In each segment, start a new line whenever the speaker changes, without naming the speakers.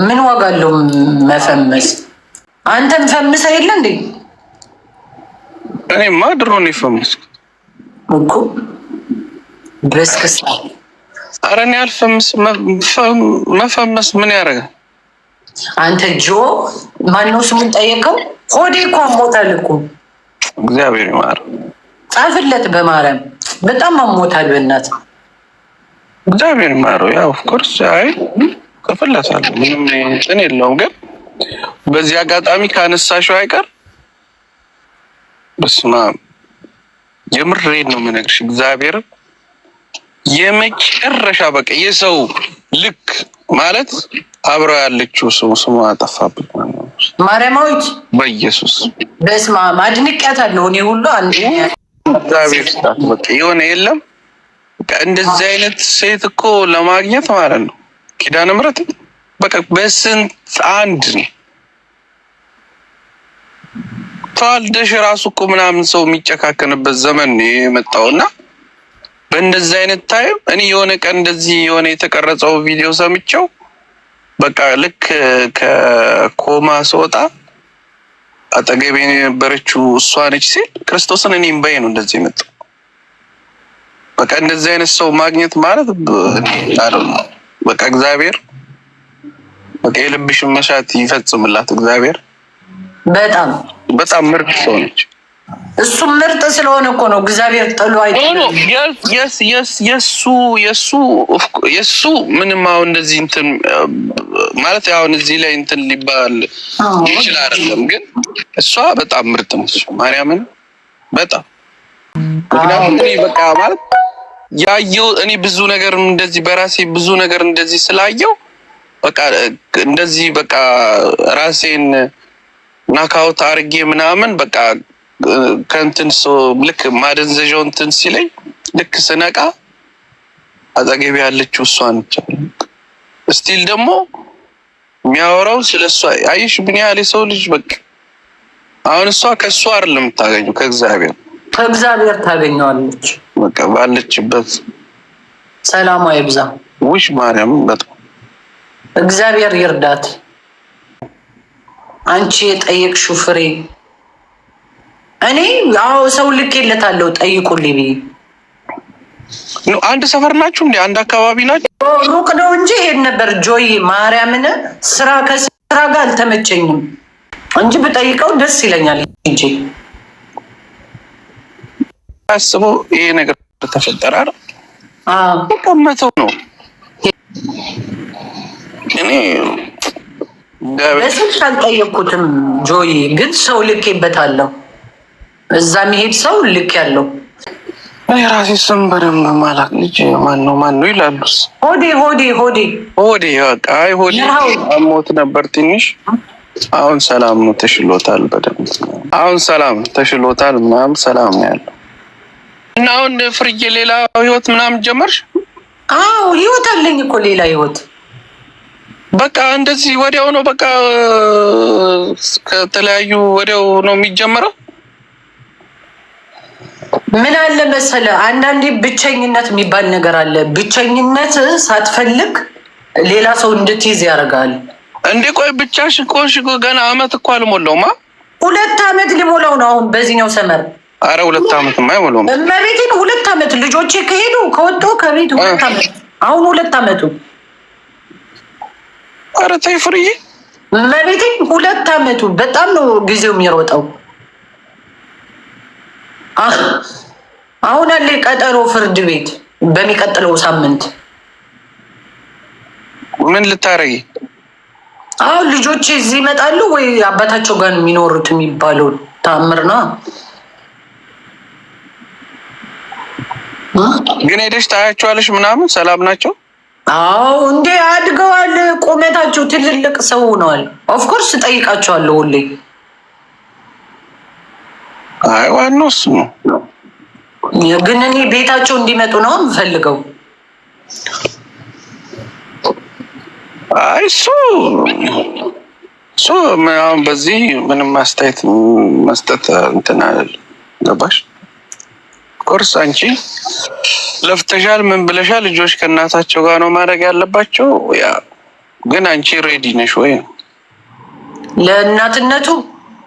ምን ዋጋ አለው መፈመስ? አንተም ፈምሰ የለ እንዴ?
እኔ ማ ድሮ ነው የፈመስኩት
እኮ በስክስ።
ኧረ እኔ አልፈምስም። መፈመስ ምን ያደርጋል?
አንተ ጆ ማነው ስሙን ጠየቀው። ሆዴ እኮ አሞታል እኮ
እግዚአብሔር ይማረው።
ጻፍለት በማርያም በጣም አሞታል። በእናት
እግዚአብሔር ይማረው። ያው ኦፍኮርስ አይ ማስከፈል ላሳለሁ ምንም እንትን የለውም። ግን በዚህ አጋጣሚ ካነሳሽው አይቀር በስማ የምሬን ነው የምነግርሽ እግዚአብሔር የመጨረሻ በቃ የሰው ልክ ማለት አብረው ያለችው ሰው ስሟ አጠፋብኝ ማርያማዊት በኢየሱስ
በስማ ማድንቀት አለው እኔ ሁሉ አንድ
እግዚአብሔር ስታት በቃ የሆነ የለም እንደዚህ አይነት ሴት እኮ ለማግኘት ማለት ነው ኪዳነ ምሕረት በቃ በስንት አንድ ነው። ተዋልደሽ ራሱ እኮ ምናምን ሰው የሚጨካከንበት ዘመን ነው የመጣው እና በእንደዚህ አይነት ታይም እኔ የሆነ ቀን እንደዚህ የሆነ የተቀረጸው ቪዲዮ ሰምቼው በቃ ልክ ከኮማ ስወጣ አጠገቤ የነበረችው እሷ ነች ሲል ክርስቶስን እኔም እምባዬ ነው እንደዚህ የመጣው። በቃ እንደዚህ አይነት ሰው ማግኘት ማለት አይደለም። በቃ እግዚአብሔር በቃ የልብሽን መሻት ይፈጽምላት እግዚአብሔር። በጣም በጣም ምርጥ ሰው ነች።
እሱ ምርጥ ስለሆነ እኮ ነው እግዚአብሔር ጥሎ
የሱ ምንም አሁን እንደዚህ እንትን ማለት አሁን እዚህ ላይ እንትን ሊባል ይችል አይደለም፣ ግን እሷ በጣም ምርጥ ነች። ማርያምን በጣም ምክንያቱም በቃ ማለት ያየው እኔ ብዙ ነገር እንደዚህ በራሴ ብዙ ነገር እንደዚህ ስላየው በቃ እንደዚህ በቃ ራሴን ናካውት አርጌ ምናምን በቃ ከንትን ልክ ማደንዘዣው እንትን ሲለኝ ልክ ስነቃ አጠገቢ ያለችው እሷ ነች። እስቲል ደግሞ የሚያወራው ስለ እሷ አይሽ ምን ያህል የሰው ልጅ በቃ አሁን እሷ ከእሷ አይደለም የምታገኘው ከእግዚአብሔር
ከእግዚአብሔር ታገኘዋለች።
በቃ ባለችበት
ሰላሟ ይብዛ።
ውሽ ማርያም በጣም
እግዚአብሔር ይርዳት። አንቺ የጠየቅሽው ፍሬ እኔ ያው ሰው ልኬለታለሁ ጠይቁልኝ ብዬ
አንድ ሰፈር ናችሁ እንዴ? አንድ አካባቢ ናችሁ?
ሩቅ ነው እንጂ ይሄድ ነበር። ጆይ ማርያምን ስራ ከስራ ጋር አልተመቸኝም እንጂ ብጠይቀው ደስ ይለኛል እንጂ
አስበው ይሄ ነገር ተፈጠረ አይደል? በቃ መተው ነው። እኔ
በስልክ አልጠየቅኩትም ጆይ፣ ግን ሰው ልክ ልኬበታለሁ። እዛ መሄድ ሰው ልክ ያለው
ራሴ ስም በደንብ ማላክ ልጅ ማን ነው ማን ነው ይላሉስ?
ሆዴ ሆዴ ሆዴ
ሆዴ አይ ሆዴ አሞት ነበር ትንሽ አሁን ሰላም ነው ተሽሎታል። በደንብ አሁን ሰላም ተሽሎታል። ምናምን ሰላም ነው ያለው እና አሁን ፍርዬ ሌላ ህይወት ምናምን ጀመርሽ?
አዎ ህይወት አለኝ እኮ ሌላ ህይወት።
በቃ እንደዚህ ወዲያው ነው በቃ ከተለያዩ ወዲያው ነው የሚጀምረው።
ምን አለ መሰለ፣ አንዳንዴ ብቸኝነት የሚባል ነገር አለ። ብቸኝነት ሳትፈልግ ሌላ ሰው እንድትይዝ ያደርጋል።
እንዴ ቆይ ብቻ ሽቆ ገና አመት እኮ አልሞላውማ።
ሁለት አመት ሊሞላው ነው አሁን በዚህኛው ሰመር
አረ ሁለት አመት የማይሞላው
እመቤቴን፣ ሁለት አመት ልጆቼ ከሄዱ ከወጡ ከቤት ሁለት አመት አሁን ሁለት አመቱ።
አረ ተይ ፍርዬ፣
እመቤቴን፣ ሁለት አመቱ። በጣም ነው ጊዜው የሚሮጠው። አሁን አለ ቀጠሮ ፍርድ ቤት በሚቀጥለው ሳምንት።
ምን ልታረጊ
አሁን? ልጆቼ እዚህ ይመጣሉ ወይ አባታቸው ጋር የሚኖሩት የሚባለው ታምር ነው
ግን ሄደሽ ታያቸዋለሽ ምናምን ሰላም ናቸው?
አዎ እንዴ አድገዋል። ቁመታቸው ትልልቅ ሰው ሆነዋል። ኦፍኮርስ እጠይቃቸዋለሁ ሁሌ።
አይ ዋናው እሱ ነው።
ግን እኔ ቤታቸው እንዲመጡ ነው የምፈልገው።
አይ እሱ እሱ በዚህ ምንም አስተያየት መስጠት እንትን ገባሽ ቁርስ አንቺ ለፍተሻል፣ ምን ብለሻል? ልጆች ከእናታቸው ጋር ነው ማድረግ ያለባቸው። ያ ግን አንቺ ሬዲ ነሽ ወይ
ለእናትነቱ?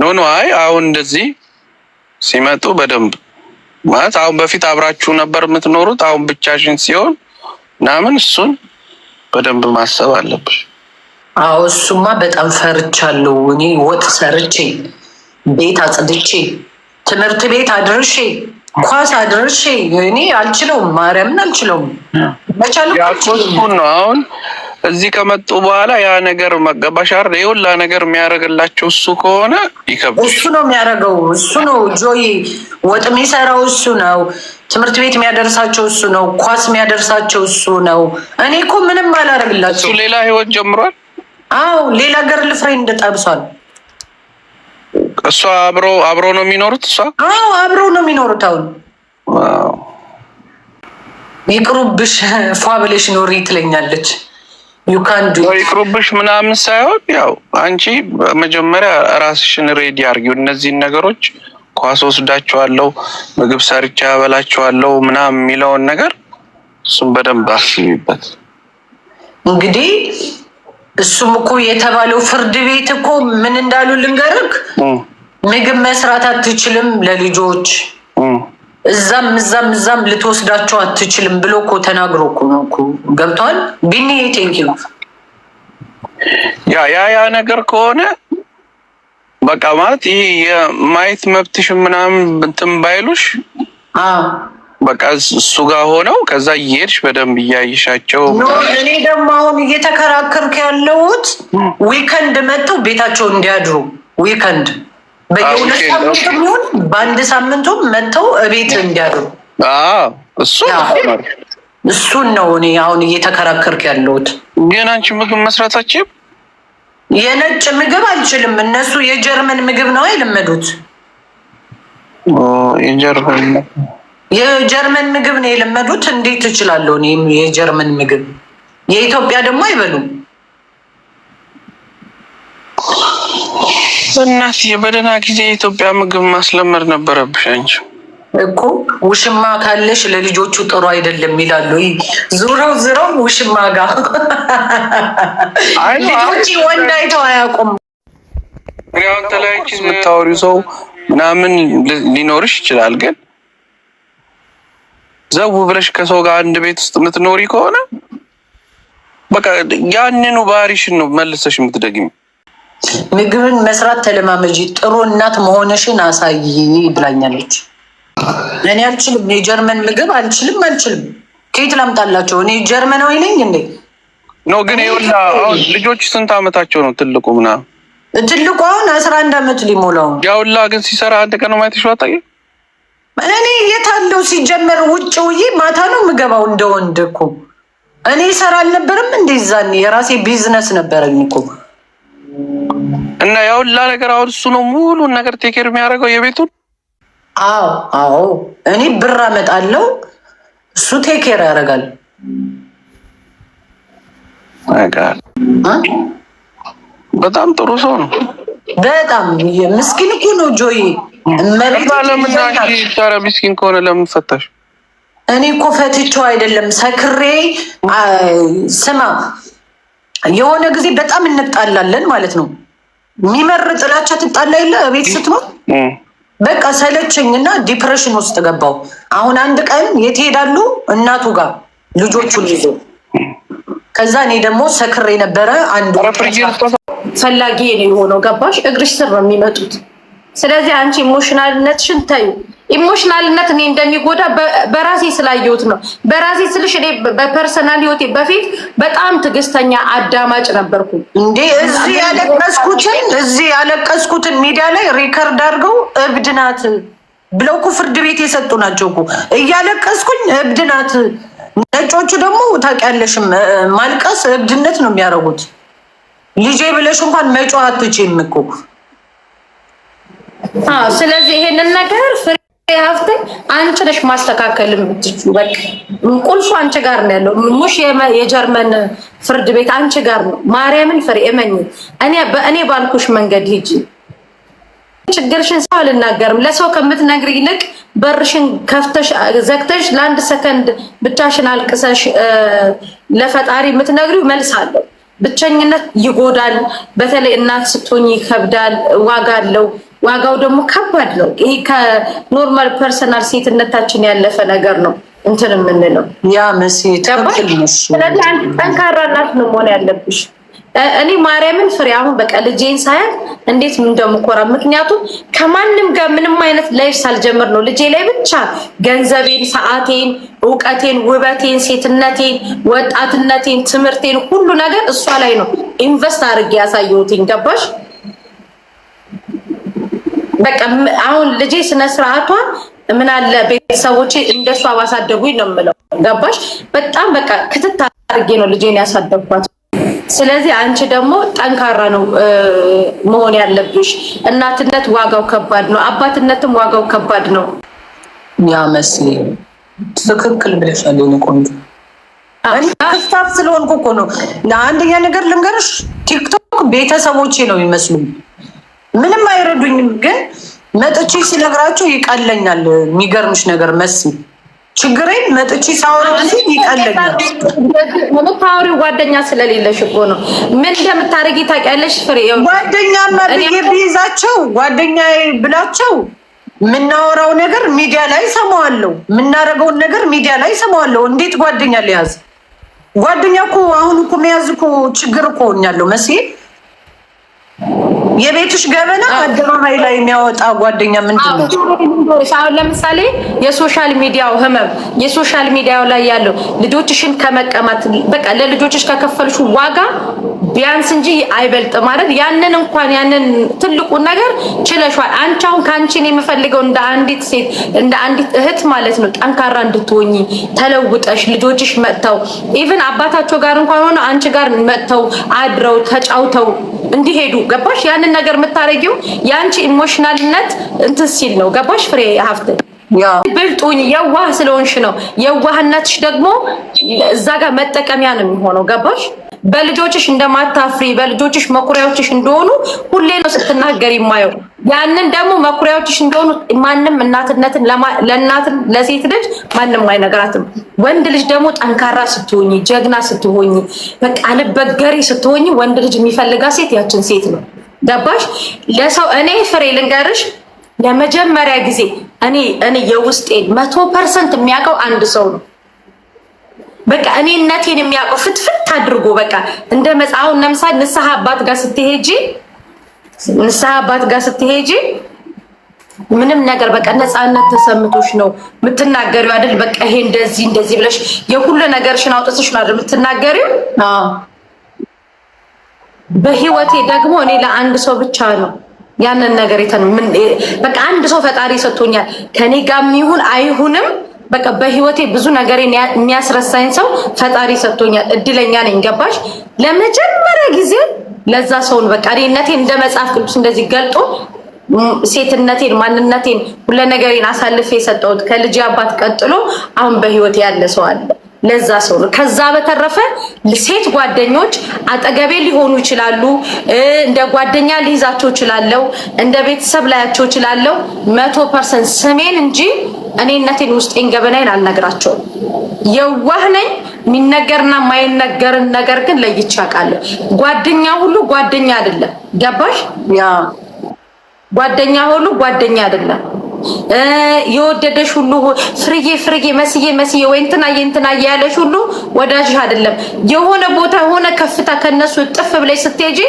ኖ ኖ፣ አይ አሁን እንደዚህ ሲመጡ በደንብ ማለት አሁን በፊት አብራችሁ ነበር የምትኖሩት፣ አሁን ብቻሽን ሲሆን ምናምን እሱን በደንብ ማሰብ አለብሽ።
አዎ እሱማ በጣም ፈርቻለሁ። እኔ ወጥ ሰርቼ ቤት አጽድቼ ትምህርት ቤት አድርሼ ኳስ አድርሼ እኔ አልችለውም፣ ማርያምን አልችለውም።
ያኮስኩን ነው አሁን እዚህ ከመጡ በኋላ ያ ነገር መገባሻር የሁላ ነገር የሚያደርግላቸው እሱ ከሆነ ይከብዳል። እሱ
ነው የሚያደርገው፣ እሱ ነው ጆይ ወጥ የሚሰራው እሱ ነው፣ ትምህርት ቤት የሚያደርሳቸው እሱ ነው፣ ኳስ የሚያደርሳቸው እሱ ነው። እኔ እኮ ምንም አላደርግላቸው።
ሌላ ህይወት ጀምሯል።
አዎ ሌላ ገርል ፍሬንድ ጠብሷል።
እሷ አብሮ አብሮ ነው የሚኖሩት። እሷ
አዎ አብሮ ነው የሚኖሩት። አሁን ይቅሩብሽ ፏ ብለሽ ኖሪ ትለኛለች። ዩካንዱ
ይቅሩብሽ ምናምን ሳይሆን ያው አንቺ መጀመሪያ ራስሽን ሬዲ አርጊው። እነዚህን ነገሮች ኳስ አለው ምግብ ሰርቻ አለው ምናምን የሚለውን ነገር እሱም በደንብ አስቢበት።
እንግዲህ እሱም እኮ የተባለው ፍርድ ቤት እኮ ምን እንዳሉ ልንገርህ ምግብ መስራት አትችልም ለልጆች እዛም እዛም እዛም ልትወስዳቸው አትችልም ብሎ እኮ ተናግሮ እኮ ነው እኮ ገብተዋል። ቢኒ ቴንኪ
ያ ያ ያ ነገር ከሆነ በቃ ማለት ይህ የማየት መብትሽ ምናምን እንትን ባይሉሽ በቃ እሱ ጋር ሆነው ከዛ እየሄድሽ በደንብ እያይሻቸው።
እኔ ደግሞ አሁን እየተከራከርኩ ያለሁት ዊከንድ መጥተው ቤታቸው እንዲያድሩ ዊከንድ በየሁለት ሳምንቱ በአንድ ሳምንቱ መጥተው እቤት እንዲያሉ እሱ እሱን ነው እኔ አሁን እየተከራከርክ ያለሁት።
ግን አንቺ ምግብ መስራታችን
የነጭ ምግብ አልችልም። እነሱ የጀርመን ምግብ ነው የለመዱት። የጀርመን ምግብ ነው የለመዱት። እንዴት እችላለሁ እኔ የጀርመን ምግብ? የኢትዮጵያ ደግሞ አይበሉም።
በእናትዬ በደህና ጊዜ የኢትዮጵያ ምግብ ማስለመድ ነበረብሽ አንቺ
እኮ ውሽማ ካለሽ ለልጆቹ ጥሩ አይደለም ይላሉ። ዙረው ዙረው ውሽማ ጋር ልጆች ወንድ አይተው አያውቁም።
አሁን ተለያይቼ የምታወሪው ሰው ምናምን ሊኖርሽ ይችላል፣ ግን ዘው ብለሽ ከሰው ጋር አንድ ቤት ውስጥ የምትኖሪ ከሆነ በቃ ያንኑ ባህሪሽን ነው መልሰሽ የምትደግሚው።
ምግብን መስራት ተለማመጂ፣ ጥሩ እናት መሆንሽን አሳይ ብላኛለች። እኔ አልችልም፣ የጀርመን ምግብ አልችልም፣ አልችልም። ከየት ላምጣላቸው? እኔ ጀርመናዊ ነኝ እንዴ?
ግን ይኸውልህ፣ አሁን ልጆች ስንት አመታቸው ነው? ትልቁ ምና
ትልቁ አሁን አስራ አንድ አመት ሊሞላው
ያውላ ግን ሲሰራ አንድ ቀን ማየት ይሸዋጣ
እኔ የታለው ሲጀመር ውጭ ውዬ ማታ ነው ምገባው። እንደወንድ እኮ እኔ ይሰራ አልነበርም እንደዛኔ የራሴ ቢዝነስ ነበረኝ እኮ
እና የሁላ ነገር አሁን እሱ ነው ሙሉን ነገር ቴኬር የሚያደርገው የቤቱን።
አዎ አዎ፣ እኔ ብር አመጣለሁ፣ እሱ ቴኬር ያደርጋል።
በጣም ጥሩ ሰው ነው።
በጣም ምስኪን እኮ ነው ጆይ።
ለምና ቻራ ምስኪን ከሆነ ለምን ፈታሽ?
እኔ እኮ ፈትቼው አይደለም ሰክሬ። ስማ የሆነ ጊዜ በጣም እንጣላለን ማለት ነው ሚመር ጥላቻ ትጣላ የለ ቤት ስትኖር በቃ ሰለቸኝና ዲፕሬሽን ውስጥ ገባው። አሁን አንድ ቀን የት ሄዳሉ? እናቱ ጋር ልጆቹን ይዞ ከዛ እኔ ደግሞ ሰክር የነበረ አንዱ ፈላጊ የሆነው ገባሽ፣ እግርሽ ስር ነው የሚመጡት። ስለዚህ አንቺ ኢሞሽናልነትሽን ታዩ ኢሞሽናልነት እኔ እንደሚጎዳ በራሴ ስላየሁት ነው። በራሴ ስልሽ እኔ በፐርሰናል ህይወቴ በፊት በጣም ትዕግስተኛ አዳማጭ ነበርኩ። እንዴ እዚህ ያለቀስኩትን እዚህ ያለቀስኩትን ሚዲያ ላይ ሪከርድ አድርገው እብድ ናት ብለው እኮ ፍርድ ቤት የሰጡ ናቸው እኮ እያለቀስኩኝ እብድ ናት። ነጮቹ ደግሞ ታውቂያለሽም ማልቀስ እብድነት ነው የሚያደርጉት። ልጄ ብለሽ እንኳን መጫወት አትችይም እኮ ስለዚህ ይሄንን ነገር ሀብቴ አንቺ ነሽ ማስተካከል የምትችሉ። በቃ ቁልፉ አንቺ ጋር ነው ያለው። ሙሽ የጀርመን ፍርድ ቤት አንቺ ጋር ነው። ማርያምን ፍሪ፣ እመኝ። እኔ በእኔ ባልኩሽ መንገድ ሂጂ። ችግርሽን ሰው አልናገርም። ለሰው ከምትነግሪ ይልቅ በርሽን ከፍተሽ ዘግተሽ ለአንድ ሰከንድ ብቻሽን አልቅሰሽ ለፈጣሪ የምትነግሪው መልስ አለው። ብቸኝነት ይጎዳል። በተለይ እናት ስትሆኝ ይከብዳል። ዋጋ አለው። ዋጋው ደግሞ ከባድ ነው። ይሄ ከኖርማል ፐርሰናል ሴትነታችን ያለፈ ነገር ነው። እንትን የምንለው ያ መሴ ስለዚህ ጠንካራ እናት ነው መሆን ያለብሽ። እኔ ማርያምን ፍሬ አሁን በቃ ልጄን ሳያት እንዴት እንደምኮራ ምክንያቱም ከማንም ጋር ምንም አይነት ላይፍ ሳልጀምር ነው ልጄ ላይ ብቻ ገንዘቤን፣ ሰዓቴን፣ እውቀቴን፣ ውበቴን፣ ሴትነቴን፣ ወጣትነቴን፣ ትምህርቴን ሁሉ ነገር እሷ ላይ ነው ኢንቨስት አድርጌ ያሳየሁትኝ። ገባሽ? በቃ አሁን ልጄ ስነ ስርዓቷ ምን አለ ቤተሰቦቼ እንደሷ ባሳደጉኝ ነው የምለው። ገባሽ? በጣም በቃ ክትት አድርጌ ነው ልጄን ያሳደግኳት። ስለዚህ አንቺ ደግሞ ጠንካራ ነው መሆን ያለብሽ። እናትነት ዋጋው ከባድ ነው፣ አባትነትም ዋጋው ከባድ ነው።
ያ መስሌ ትክክል ብለሻል። የእኔ ቆንጆ
ክፍታፍ ስለሆንኩ እኮ ነው። አንደኛ ነገር ልንገርሽ፣ ቲክቶክ ቤተሰቦቼ ነው የሚመስሉ ምንም አይረዱኝም፣ ግን መጥቼ ሲነግራቸው ይቀለኛል። የሚገርምሽ ነገር መስል ችግሬን መጥቼ ሳወራ ይቀለኛል። የምታወሪው ጓደኛ ስለሌለሽ እኮ ነው። ምን እንደምታደርጊ ታውቂያለሽ ፍሬ። ጓደኛ ብዬ ብይዛቸው ጓደኛ ብላቸው የምናወራው ነገር ሚዲያ ላይ ሰማዋለሁ፣ የምናደርገውን ነገር ሚዲያ ላይ ሰማዋለሁ። እንዴት ጓደኛ ሊያዝ? ጓደኛ እኮ አሁን እኮ መያዝ እኮ ችግር እኮ ሆኛለሁ መሲ የቤትሽ ገበና አደባባይ ላይ የሚያወጣ ጓደኛ ምንድን ነው? አሁን ለምሳሌ የሶሻል ሚዲያው ህመም የሶሻል ሚዲያው ላይ ያለው ልጆችሽን ከመቀማት በቃ ለልጆችሽ ከከፈልሹ ዋጋ ቢያንስ እንጂ አይበልጥ ማለት ያንን እንኳን ያንን ትልቁን ነገር ችለሽዋል። አንቺ አሁን ከአንቺን የምፈልገው እንደ አንዲት ሴት እንደ አንዲት እህት ማለት ነው ጠንካራ እንድትሆኚ ተለውጠሽ ልጆችሽ መጥተው ኢቭን አባታቸው ጋር እንኳን ሆነ አንቺ ጋር መጥተው አድረው ተጫውተው እንዲሄዱ ገባሽ ያንን ያንን ነገር የምታረጊው የአንቺ ኢሞሽናልነት እንትን ሲል ነው። ገባሽ ፍሬ ሀፍት ብልጡኝ የዋህ ስለሆንሽ ነው። የዋህነትሽ ደግሞ እዛ ጋር መጠቀሚያ ነው የሚሆነው። ገባሽ በልጆችሽ እንደማታፍሪ በልጆችሽ መኩሪያዎችሽ እንደሆኑ ሁሌ ነው ስትናገር የማየው። ያንን ደግሞ መኩሪያዎችሽ እንደሆኑ ማንም እናትነትን ለእናትን ለሴት ልጅ ማንም አይነግራትም። ወንድ ልጅ ደግሞ ጠንካራ ስትሆኝ፣ ጀግና ስትሆኝ፣ በቃ አልበገሪ ስትሆኝ ወንድ ልጅ የሚፈልጋ ሴት ያችን ሴት ነው። ገባሽ? ለሰው እኔ ፍሬ ልንገርሽ፣ ለመጀመሪያ ጊዜ እኔ እኔ የውስጤን መቶ ፐርሰንት የሚያውቀው አንድ ሰው ነው። በቃ እኔነቴን የሚያውቀው ፍትፍት አድርጎ በቃ እንደ መጽሐው ነምሳ ንስሐ አባት ጋር ስትሄጂ ንስሐ አባት ጋር ስትሄጂ ምንም ነገር በቃ ነፃነት ተሰምቶሽ ነው የምትናገሪው አይደል? በቃ ይሄ እንደዚህ እንደዚህ ብለሽ የሁሉ ነገርሽን አውጥተሽ ነው አይደል የምትናገሪው? በህይወቴ ደግሞ እኔ ለአንድ ሰው ብቻ ነው ያንን ነገር በቃ አንድ ሰው ፈጣሪ ሰጥቶኛል። ከኔ ጋርም ይሁን አይሁንም በቃ በህይወቴ ብዙ ነገር የሚያስረሳኝ ሰው ፈጣሪ ሰጥቶኛል። እድለኛ ነኝ። ገባሽ? ለመጀመሪያ ጊዜ ለዛ ሰውን በቃ እኔነቴን እንደ መጽሐፍ ቅዱስ እንደዚህ ገልጦ ሴትነቴን፣ ማንነቴን፣ ሁለ ነገሬን አሳልፌ የሰጠሁት ከልጅ አባት ቀጥሎ አሁን በህይወቴ ያለ ሰው አለ። ለዛ ሰው ነው። ከዛ በተረፈ ሴት ጓደኞች አጠገቤ ሊሆኑ ይችላሉ። እንደ ጓደኛ ሊይዛቸው ይችላለው፣ እንደ ቤተሰብ ላያቸው ይችላለው። መቶ ፐርሰንት ስሜን እንጂ እኔነቴን ውስጤን ገበናይን አልነግራቸውም። የዋህ ነኝ። የሚነገርና የማይነገርን ነገር ግን ለይቼ አውቃለሁ። ጓደኛ ሁሉ ጓደኛ አይደለም። ገባሽ? ያ ጓደኛ ሁሉ ጓደኛ አይደለም። የወደደሽ ሁሉ ፍርዬ ፍርዬ መስዬ መስዬ ወይ እንትና የእንትና ያለሽ ሁሉ ወዳጅሽ አይደለም። የሆነ ቦታ የሆነ ከፍታ ከነሱ ጥፍ ብለሽ ስትሄጂ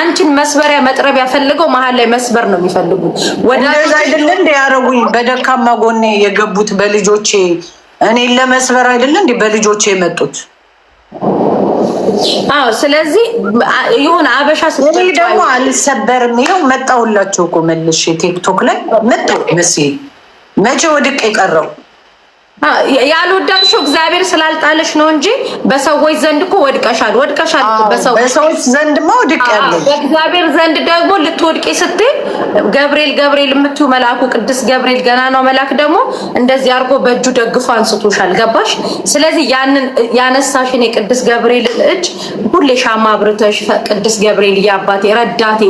አንቺን መስበሪያ መጥረብ ያፈልገው መሀል ላይ መስበር ነው የሚፈልጉት።
ወዳጅ አይደለም እንደ ያረጉኝ በደካማ ጎኔ የገቡት በልጆቼ እኔን ለመስበር አይደለም እንደ በልጆቼ የመጡት
አዎ። ስለዚህ ይሁን አበሻ ስትይ ደግሞ አልሰበርም። ይኸው መጣሁላችሁ እኮ መልሼ ቲክቶክ ላይ መጣሁ መቼ ወድቅ የቀረው ያልወደድሽው እግዚአብሔር ስላልጣለሽ ነው እንጂ በሰዎች ዘንድ እኮ ወድቀሻል፣ ወድቀሻል። በሰዎች ዘንድ ዘንድማ ወድቅ ያለው በእግዚአብሔር ዘንድ ደግሞ ልትወድቂ ስትል ገብርኤል ገብርኤል የምትዩ መልአኩ ቅዱስ ገብርኤል ገና ነው መልአክ ደግሞ እንደዚህ አድርጎ በእጁ ደግፎ አንስቶሻል። ገባሽ? ስለዚህ ያንን ያነሳሽን የቅዱስ ገብርኤልን እጅ ሁሌ ሻማ አብርተሽ ቅዱስ ገብርኤል እያባቴ ረዳቴ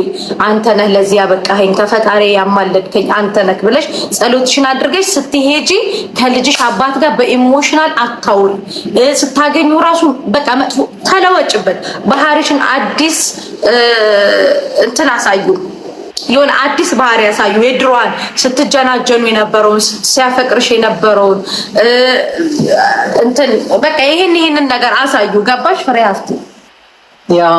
አንተ ነህ፣ ለዚህ ያበቃኸኝ፣ ከፈጣሪ ያማለድከኝ አንተ ነህ ብለሽ ጸሎትሽን አድርገሽ ስትሄጂ ከልጅሽ አባት ጋር በኢሞሽናል አታውሪ። ስታገኙ ራሱ በቃ መጥፎ ተለወጭበት። ባህሪሽን አዲስ እንትን አሳዩ። የሆነ አዲስ ባህሪ ያሳዩ። የድሮዋን ስትጀናጀኑ የነበረውን ሲያፈቅርሽ የነበረውን እንትን በቃ ይህን ይህንን ነገር አሳዩ። ገባሽ ፍሬ ሀፍቴ
ያ